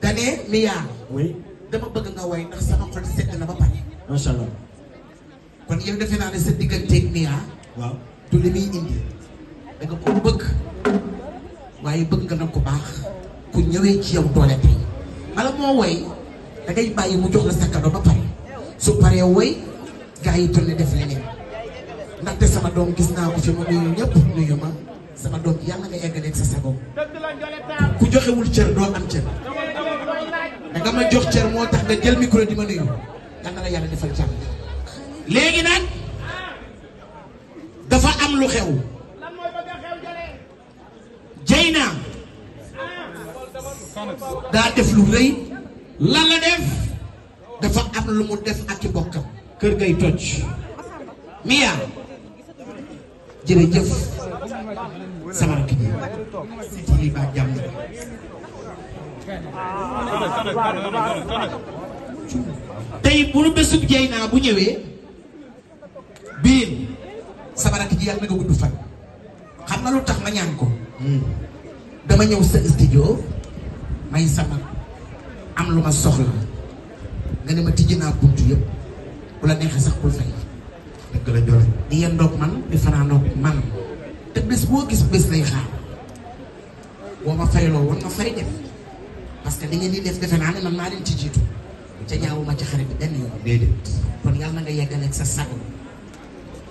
da ne Mia. oui dama bëgg nga way ndax sama xol sedd na ba pare. kon yow defe naa ne sa digganteeg Mia. waaw du indi. da nga ko bëgg. waaye bëgg nga nag ko baax. ku ñëwee ci yow doole tey. bala moo way da ngay bàyyi mu jox la sa cadeau ba pare. su paree way gars yi tourné def leneen. ndaxte sama doom gis naa ko fi ma nuyu ñëpp nuyu ma sama doom yàlla nga eggaleeg sa sago ku joxewul cër doo am cër. da nga ma jox cër moo tax nga jël micro di ma nuyu yal la yàlla defal jàmm léegi nag dafa am lu xew Dieyna daa def lu rëy lan la def dafa am lu mu def ak bokkam kër gay toj Mia jërëjëf sama rakk ji ci lii baa jàmm tey bu nu bésub jey naa bu ñëwee biin sama rakk ji yàlla na nga gudd fan xam na lu tax ma ñaan ko hmm. dama ñëw sa studio may sama am lu ma soxla nga ne ma tijji naa buntu yëpp bu la neexee sax bul fay dëgg la jole di yenn ndoog man di fanaanoog man te bés boo gis bés lay xaar boo ma fayloo woon ma fay def parce que da ngeen di def defe naa ne man maa leen ci jiitu ca ñaawuma bi benn yoon déedéet kon yàlla na nga yeggale ak sa sago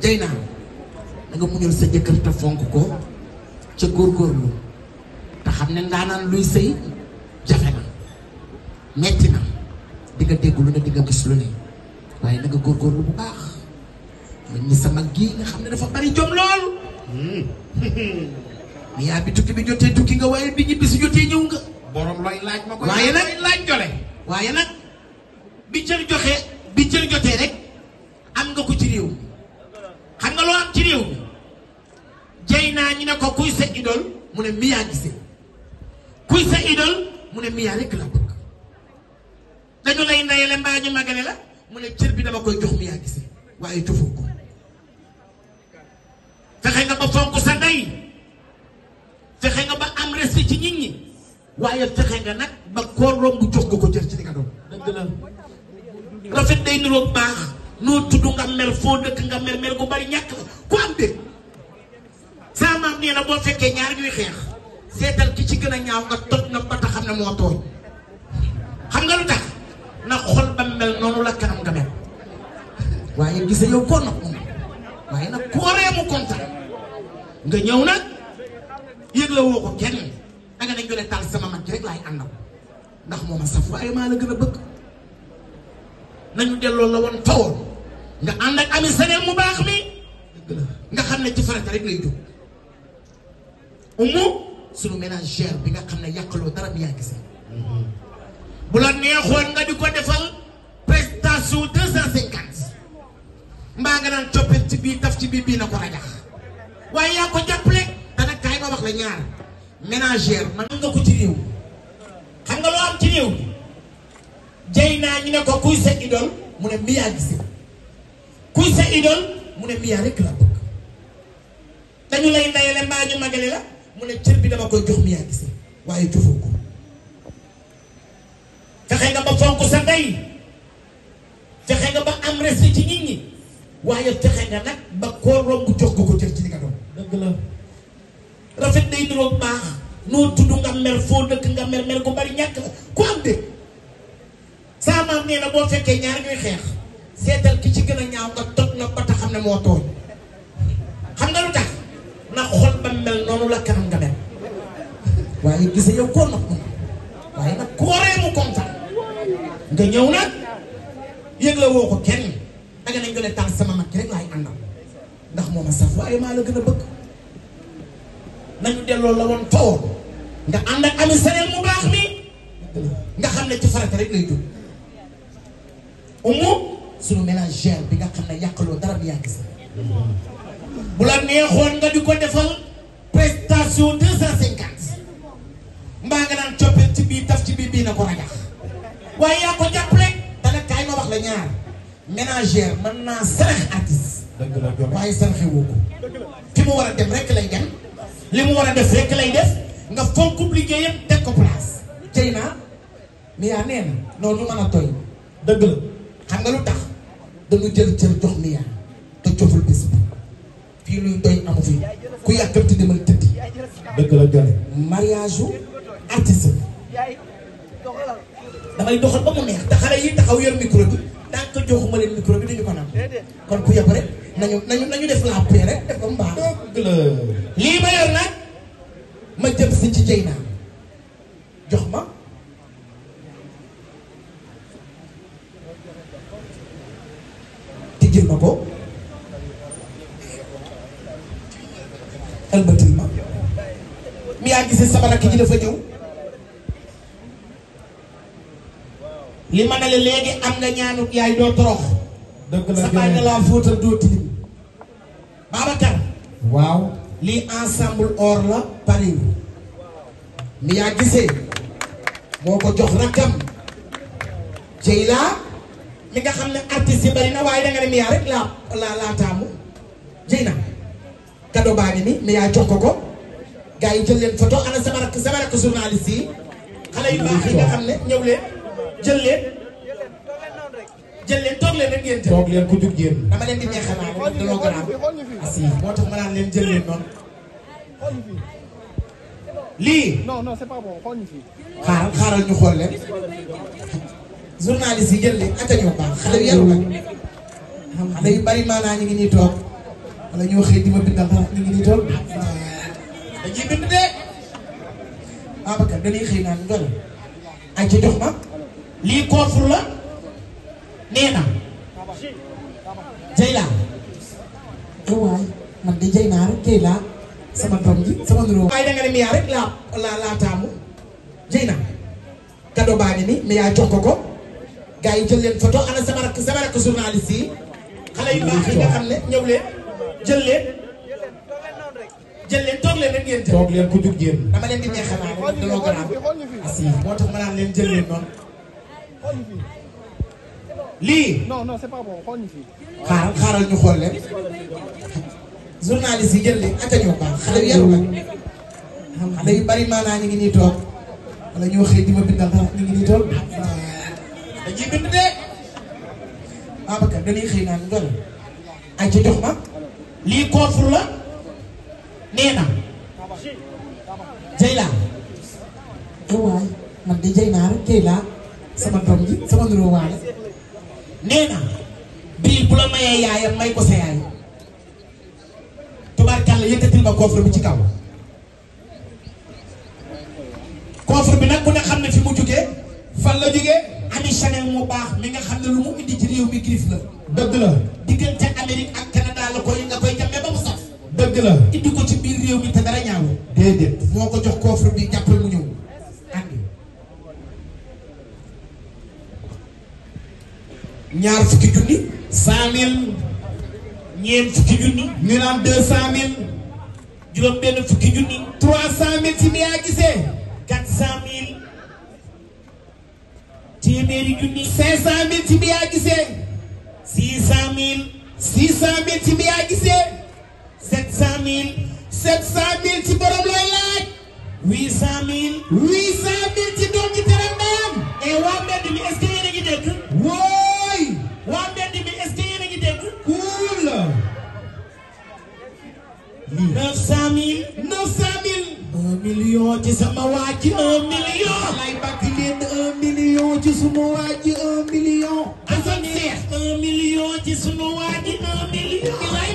jëy naa da nga muñul sa jëkkër te fonk ko ca góorgóorlu te xam ne ndaanaan luy sëy jafe na metti na di nga dégg lu ne di gis lu ne waaye da nga góorgóorlu bu baax man ñi sama gi nga xam ne dafa bari jom lool mais hmm. bi tukki bi jotee tukki nga waaye bi ñibbi si jotee ñëw nga borom laaj ma ko. waaye nag laaj jole. waaye nag bi cër joxe bi cër jotee rek am nga ko ci réew xam nga loo am ci réew mi jay naa ñi ne ko kuy sa idol mu ne miyaa gisee kuy sa idol mu ne miyaa rek la bëgg dañu lay ndeyale mbaa ñu magale la mu ne cër bi dama koy jox miyaa gisee waaye jofoo ko fexe nga ba fonk sa ndey fexe nga ba am respect ci nit ñi. waaye fexe nga nag ba koo romb jox ko ko cër ci li nga la. rafet day niroog baax noo tudd nga mel foo dëkk nga mel mel gu bari ñàkk la ku am dégg. saa nee na boo fekkee ñaar ñuy xeex seetal ki ci gën a ñaaw nga toj na ba xam ne moo tooñ xam nga lu tax na xol ba mel noonu la kanam nga mel waaye gise yow koo nag moom waaye nag kooree mu kontaan nga ñëw nag yëg woo ko kenn may jole taal sama mag rek laay àndal ndax moom a saf waaye maa la gën a bëgg nañu delloo la woon fawoon nga ànd ak ami seneen mu baax mi nga xam ne ci farata rek lay jóg umu suñu ménagère bi nga xam ne yàqaloo dara bi yaa gisee bu la neexoon nga di ko defal prestation deux cent cinquante mbaa nga naan coppil ci bii taf ci bii bii na ko rajax waaye yaa ko jàppale dana kaay ma wax la ñaar ménagère man nga ko ci réew xam nga loo am ci réew jëy naa ñu ne ko kuy sa idole mu ne Mia Guissé kuy sa idole mu ne Mia rek la bëgg dañu lay ndayale mbaa ñu magale la mu ne cër bi dama koy jox Mia Guissé waaye jofoo ko fexe nga ba fonk sa ndey fexe nga ba am respect ci nit ñi waaye fexe nga nag ba koo romb jox ko ko cër ci li nga rafet day niroog baax noo tudd nga mer foo dëkk nga mer mer ko bari ñàkk la ku am dëkk saa maam nee na boo fekkee ñaar ñuy xeex seetal ki ci gën a ñaaw nga toj na ba tax xam ne moo tooñ xam nga lu tax na xol ba mel noonu la kanam nga mel waaye gise yow koo nopp waaye nag kooree mu kontaan nga ñëw nag yëg woo ko kenn danga nañ ko ne taal sama mag rek laay àndal ndax moo ma saf waaye maa la gën a bëgg nañu delloo la woon fawoon nga ànd ak ami sareel mu baax mi nga xam ne ci farata rek lay dund umu suñu ménagère bi nga xam ne yàqaloo dara bi yaa gis bu la neexoon nga di ko defal prestation deux cent cinquante mbaa nga naan coppet ci bii taf ci bii bii na ko rajax waaye yaa ko jàppale dana ma wax la ñaar ménagère mën naa sarax artiste waaye saraxe ko fi mu war a dem rek lay dem li mu war a def fekk lay def nga fonk compliqué yëpp teg ko place. jëy naa Mia nee na loolu lu mën a toy dëgg la xam nga lu tax dañu jël cër jox Mia te coful bis fi ku yàkkamti demal tëddi. dëgg la gën mariage su artiste damay doxal ba mu neex te xale yi taxaw yor micro bi tant que joxuma leen micro dañu ko naan kon ku yàpp rek. nañu nañu nañu def la paix rek def ba mu baax. dëgg la lii ma yor nag ma jëm si ci Dieyna jox ma. tijjil ma ko. albatil ma. mi yaa gisee sama rakk ji dafa ñëw. li ma ne la léegi am nga ñaanuk yaay doo torox. dëgg la sa bàyyi la fóotal doo tilim Babacar. waaw. lii ensemble or la Paris. mi yaa gisee. moo ko jox rakam. Jeyla. mi nga xam ne artistes yi bari na waaye danga ne mi yaa rek laa laa laa taamu. Jeyna. kado baa ngi nii mi yaa jox ko ko. gaa yi jël leen photo ana sama rakk sama yi. xale yu nga xam ne ñëw leen jël leen. jël leen toog leen ku jug génn. dama leen di neexal naa rek dañoo moo tax ma naan leen jël leen noonu. lii. non non c'est pas bon xaaral xaaral ñu xool leen. journaliste yi jël leen ak a baax xale yu xale yu bari maanaa ñu ngi nii toog. wala ñoo xëy di ma bindal dara ñu ngi nii toog. dañuy bind xëy naan ndox ay ci jox ma. lii contre la. nee na Jeyla waay man di jey naa rek Jeyla sama doom ji sama nuroo waaye danga ne Mia rek laa laa laa taamu Jeyna kado baa ngi ni Mia jox ko ko gars yi jël leen photo ana sama rakk sama rakk journaliste yi xale yu baax yi nga xam ne ñëw leen jël leen jël leen toog leen rek ngeen jël dama leen di neexal naa ne danoo garaam asi moo tax ma naan leen jël leen noonu lii. non non c'est pas bon xool ñu fii. xaaral xaaral ñu xool leen. journaliste yi jël leen attañoo baax xale yu yaru la. bari maanaa ñu ngi nii toog wala ñoo xëy di ma bindal dara ñu ngi nii toog. dañuy bind de. Babacar dañuy xëy naan ngelaw. Eh sama doom ji sama nuroo waale. nee na bii bu la mayee yaayam may ko sa yaay tubaarkàlla yëkkatil ma coffre bi ci kaw coffre bi nag ku ne xam ne fi mu jugee fan la jugee ami Chanel mu baax mi nga xam ne lu mu indi ci réew mi griffe la dëgg la diggante Amérique ak Canada la koy nga koy jàmmee ba mu saf dëgg la indi ko ci biir réew mi te dara ñaaw déedéet moo ko jox coffre bi jàppal ñaar fukki junni cent mil ñeent fukki junni ñu naan deux cent mille junni trois cent mille ci miyaa gisee quatre cent mille téeméeri cinq cent mille ci miyaa gisee six cent mille six cent mille ci miyaa gisee sept cent mille sept cent mille ci borom looy laaj huit cent mille huit cent mille neuf cent mille. neuf cent mille. un million ci sama waa ji un million. lay bàkk leen un million ci suma waa ji un million. asan seex un million ci suma waa ji un million.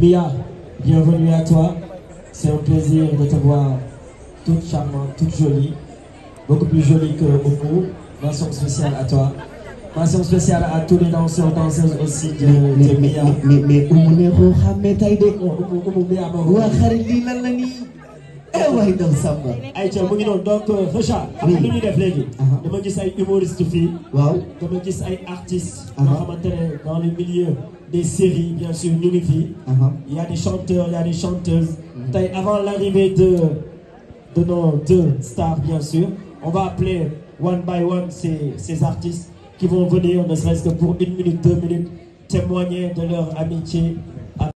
Bia, bienvenue à toi. C'est un plaisir de te voir toute charmante, toute jolie, beaucoup plus jolie que beaucoup. Mention spéciale à toi. Mention spéciale à tous les danseurs, danseuses aussi de, de Bia. Mais mais mais Oumou Nero xam ne tey de. Oumou Bia ma. Waa xarit lii lan la nii. waxi dem Samba. ay ca mu ngi noonu donc Richard. am na lu ñuy def ah, ah. ay humoriste fii. waaw dama ay artistes. Ah, yoo xamante ne dans le milieu des séries bien sûr ñu ngi fii. il a des chanteurs il a des chanteuses. Mm-hmm. tey avant l'arrivée de de nos deux stars bien sûr on va appeler one by one ces ces artistes qui vont venir ne serait-ce que pour une minute deux minutes témoigner de leur amitié.